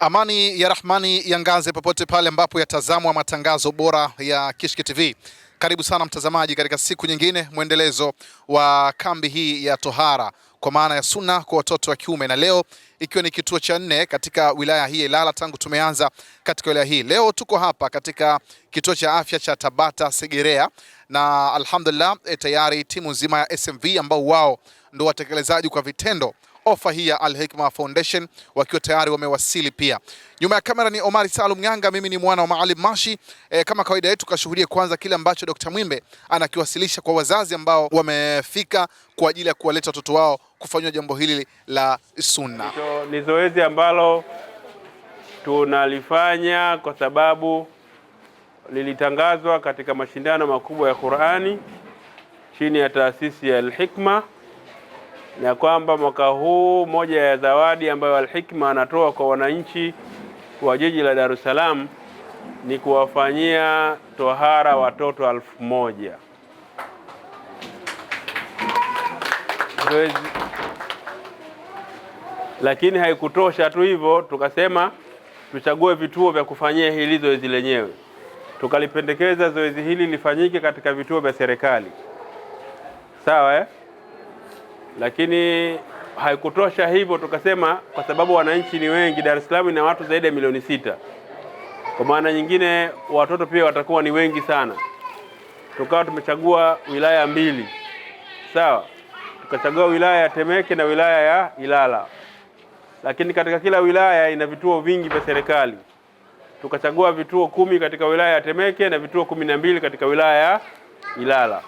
Amani ya Rahmani yangaze popote pale ambapo yatazamwa matangazo bora ya Kishki TV. Karibu sana mtazamaji katika siku nyingine, mwendelezo wa kambi hii ya tohara kwa maana ya sunna kwa watoto wa kiume, na leo ikiwa ni kituo cha nne katika wilaya hii ya Ilala tangu tumeanza katika wilaya hii. Leo tuko hapa katika kituo cha afya cha Tabata Segerea, na alhamdulillah eh, tayari timu nzima ya SMV ambao wao ndio watekelezaji kwa vitendo ofa hii ya Al Hikma Foundation wakiwa tayari wamewasili. Pia nyuma ya kamera ni Omari Salum Ng'anga, mimi ni mwana wa Maalim Mashi. E, kama kawaida yetu kashuhudie kwanza kile ambacho Dr. Mwimbe anakiwasilisha kwa wazazi ambao wamefika kwa ajili ya kuwaleta watoto wao kufanywa jambo hili la sunna. Ni zoezi ambalo tunalifanya kwa sababu lilitangazwa katika mashindano makubwa ya Qur'ani chini ya taasisi ya Al Hikma na kwamba mwaka huu moja ya zawadi ambayo alhikma anatoa kwa wananchi wa jiji la Dar es Salaam ni kuwafanyia tohara watoto elfu moja. Zoezi. Lakini haikutosha tu hivyo, tukasema tuchague vituo vya kufanyia hili zoezi lenyewe. Tukalipendekeza zoezi hili lifanyike katika vituo vya serikali, sawa eh? lakini haikutosha hivyo, tukasema kwa sababu wananchi ni wengi, Dar es Salaam ina watu zaidi ya milioni sita, kwa maana nyingine watoto pia watakuwa ni wengi sana. Tukawa tumechagua wilaya mbili, sawa, tukachagua wilaya ya Temeke na wilaya ya Ilala, lakini katika kila wilaya ina vituo vingi vya serikali. Tukachagua vituo kumi katika wilaya ya Temeke na vituo kumi na mbili katika wilaya ya Ilala.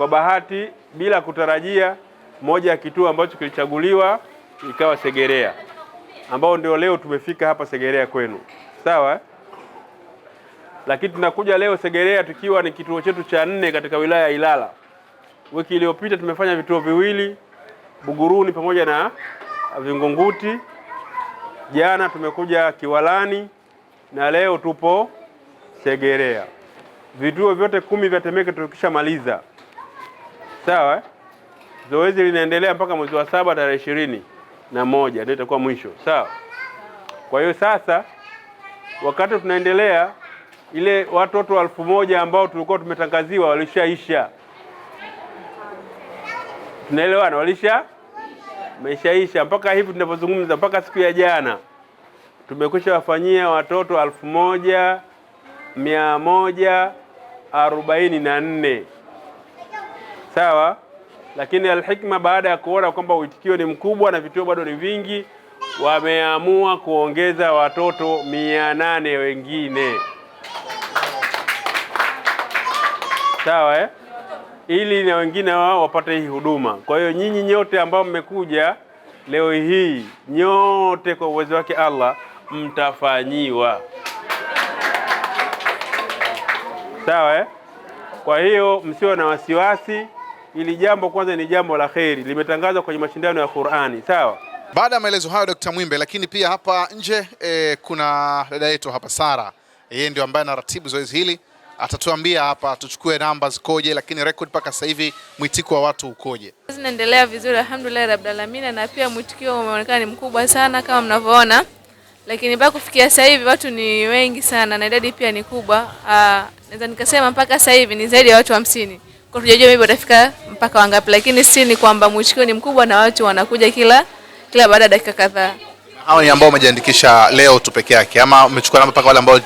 Kwa bahati bila kutarajia, moja ya kituo ambacho kilichaguliwa ikawa Segerea, ambao ndio leo tumefika hapa Segerea kwenu, sawa. Lakini tunakuja leo Segerea tukiwa ni kituo chetu cha nne katika wilaya ya Ilala. Wiki iliyopita tumefanya vituo viwili Buguruni pamoja na Vingunguti, jana tumekuja Kiwalani na leo tupo Segerea. Vituo vyote kumi vya Temeke tukishamaliza Sawa Zoezi linaendelea mpaka mwezi wa saba tarehe ishirini na moja ndio itakuwa mwisho. Sawa. Kwa hiyo sasa, wakati tunaendelea, ile watoto elfu moja ambao tulikuwa tumetangaziwa walishaisha. Tunaelewana, walisha meshaisha mpaka hivi tunavyozungumza, mpaka siku ya jana tumekwisha wafanyia watoto elfu moja mia moja arobaini na nne sawa. Lakini Alhikma baada ya kuona kwamba uitikio ni mkubwa na vituo bado ni vingi, wameamua kuongeza watoto mia nane wengine sawa eh? ili na wengine wao wapate hii huduma. Kwa hiyo nyinyi nyote ambao mmekuja leo hii, nyote kwa uwezo wake Allah mtafanyiwa sawa eh? Kwa hiyo msiwe na wasiwasi ili jambo kwanza ni jambo la kheri, limetangazwa kwenye mashindano ya Qur'ani. Sawa. Baada ya maelezo hayo Dr. Mwimbe, lakini pia hapa nje e, kuna dada yetu hapa Sara, yeye ndio ambaye anaratibu zoezi hili, atatuambia hapa tuchukue namba zikoje, lakini record mpaka sasa hivi mwitiko wa watu ukoje? Zinaendelea vizuri alhamdulillah rabbil alamin, na pia mwitikio umeonekana ni mkubwa sana kama mnavyoona, lakini mpaka kufikia sasa hivi watu ni wengi sana na idadi pia ni kubwa. Ah, naweza nikasema mpaka sasa hivi ni zaidi ya watu hamsini wa hatujajua mimi watafika mpaka wangapi, lakini si ni kwamba mwitikio ni mkubwa na watu wanakuja kila kila baada ya dakika kadhaa. Hao ni ambao wamejiandikisha leo tu peke yake, ama umechukua namba mpaka wale ambao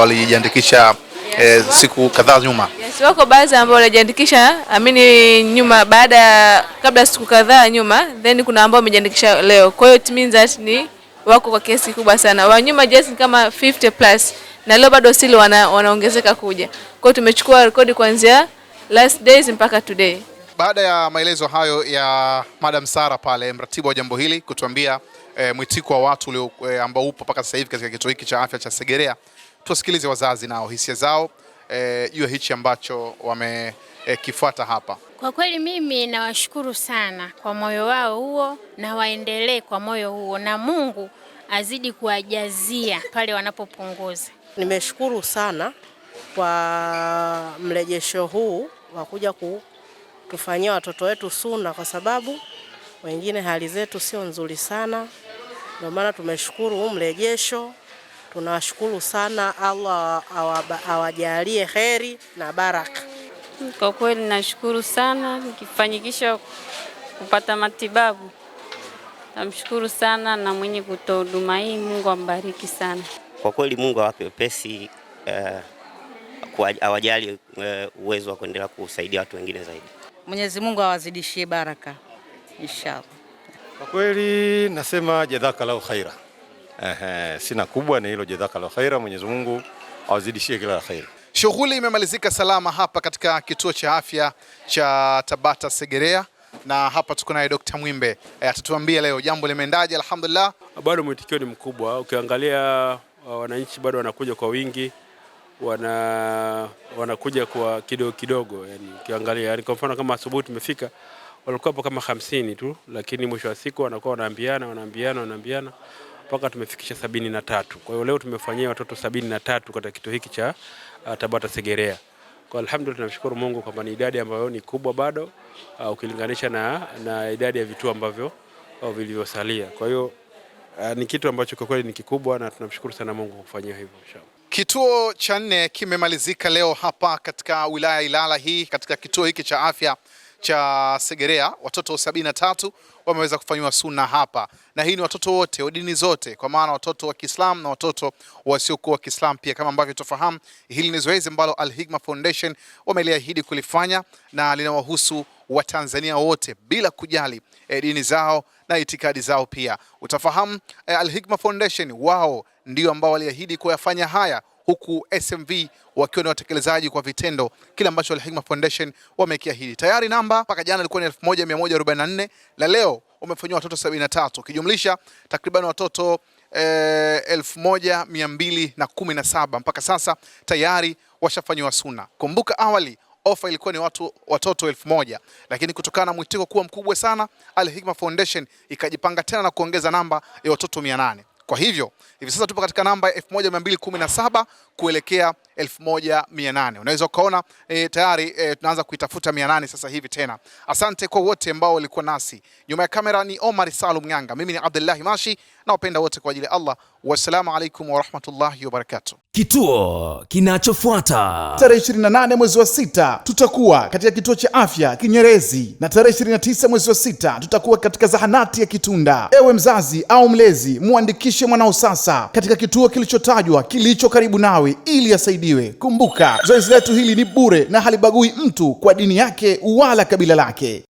walijiandikisha yes, eh, siku kadhaa nyuma? Yes, wako baadhi ambao walijiandikisha amini nyuma baada kabla siku kadhaa nyuma, then kuna ambao wamejiandikisha leo. Kwa hiyo it means that ni wako kwa kiasi kubwa sana. Wa nyuma just kama 50 plus na leo bado still wana, wanaongezeka kuja. Kwa hiyo tumechukua rekodi kuanzia last days mpaka today. Baada ya maelezo hayo ya Madam Sara pale, mratibu wa jambo hili kutuambia e, mwitiko wa watu ulio e, ambao upo mpaka sasa hivi katika kituo hiki cha afya cha Segerea, tuwasikilize wazazi nao hisia zao eh, juu ya hichi ambacho wamekifuata e, hapa. Kwa kweli mimi nawashukuru sana kwa moyo wao huo, na waendelee kwa moyo huo, na Mungu azidi kuwajazia pale wanapopunguza. Nimeshukuru sana kwa mrejesho huu wakuja kutufanyia kufanyia watoto wetu suna, kwa sababu wengine hali zetu sio nzuri sana. Ndio maana tumeshukuru huu mrejesho, tunawashukuru sana. Allah awajalie heri na baraka. Kwa kweli nashukuru sana nikifanyikisha kupata matibabu, namshukuru sana na mwenye kutoa huduma hii, Mungu ambariki sana. Kwa kweli Mungu awape pesi uh... Eh, hawajali eh, uwezo wa kuendelea kusaidia watu wengine zaidi. Mwenyezi Mungu awazidishie baraka inshallah. Kwa kweli nasema jadhakallahu khaira. Ehe, sina kubwa ni hilo jadhakallahu khaira. Mwenyezi Mungu awazidishie kila la khaira. Shughuli imemalizika salama hapa katika kituo cha afya cha Tabata Segerea, na hapa tuko naye Dr. Mwimbe eh, atatuambia leo jambo limeendaje. Alhamdulillah, bado mwitikio ni mkubwa, ukiangalia uh, wananchi bado wanakuja kwa wingi wana wanakuja kwa kidogo kidogo, yani ukiangalia, yani kwa mfano kama asubuhi tumefika walikuwa hapo kama hamsini tu, lakini mwisho wa siku wanakuwa wanaambiana wanaambiana wanaambiana mpaka tumefikisha sabini na tatu. Kwa hiyo leo tumefanyia watoto sabini na tatu katika kituo hiki cha uh, Tabata Segerea. Kwa alhamdulillah tunamshukuru Mungu kwamba ni idadi ambayo ni kubwa bado uh, ukilinganisha na, na idadi ya vituo ambavyo uh, vilivyosalia. Kwa hiyo uh, ni kitu ambacho kwa kweli ni kikubwa na tunamshukuru sana Mungu kwa kufanyia hivyo inshallah. Kituo cha nne kimemalizika leo hapa katika wilaya ya Ilala hii katika kituo hiki cha afya cha Segerea watoto sabini na tatu wameweza kufanyiwa suna hapa, na hii ni watoto wote wa dini zote, kwa maana watoto wa Kiislamu na watoto wasiokuwa wa Kiislamu pia. Kama ambavyo tunafahamu, hili ni zoezi ambalo Al Hikma Foundation wameliahidi kulifanya na linawahusu Watanzania wote bila kujali e, dini zao na itikadi zao. Pia utafahamu e, Al-Hikma Foundation wao ndio ambao waliahidi kuyafanya haya huku SMV wakiwa ni watekelezaji kwa vitendo kile ambacho Al-Hikma Foundation wamekiahidi. Tayari namba mpaka jana ilikuwa ni 1144 na leo wamefanyiwa watoto 73 ukijumlisha takriban watoto eh, 1217 mpaka sasa tayari washafanyiwa suna. Kumbuka awali ofa ilikuwa ni watu, watoto elfu moja lakini kutokana na mwitiko kuwa mkubwa sana, Al Hikma Foundation ikajipanga tena na kuongeza namba ya watoto 800. Kwa hivyo hivi sasa tupo katika namba 1217 kuelekea 1800. Unaweza ukaona e, tayari e, tunaanza kuitafuta 800 sasa hivi tena. Asante kwa wote ambao walikuwa nasi nyuma ya kamera. Ni Omar Salum Ng'anga, mimi ni Abdullahi Mashi, na wapenda wote kwa ajili ya Allah. Wassalamu alaikum warahmatullahi wabarakatu. Kituo kinachofuata tarehe 28 mwezi wa sita tutakuwa katika kituo cha afya Kinyerezi, na tarehe 29 mwezi wa sita tutakuwa katika zahanati ya Kitunda. Ewe mzazi au mlezi, muandikishe mwanao sasa katika kituo kilichotajwa kilicho karibu nawe ili asaidiwe. Kumbuka, zoezi letu hili ni bure na halibagui mtu kwa dini yake wala kabila lake.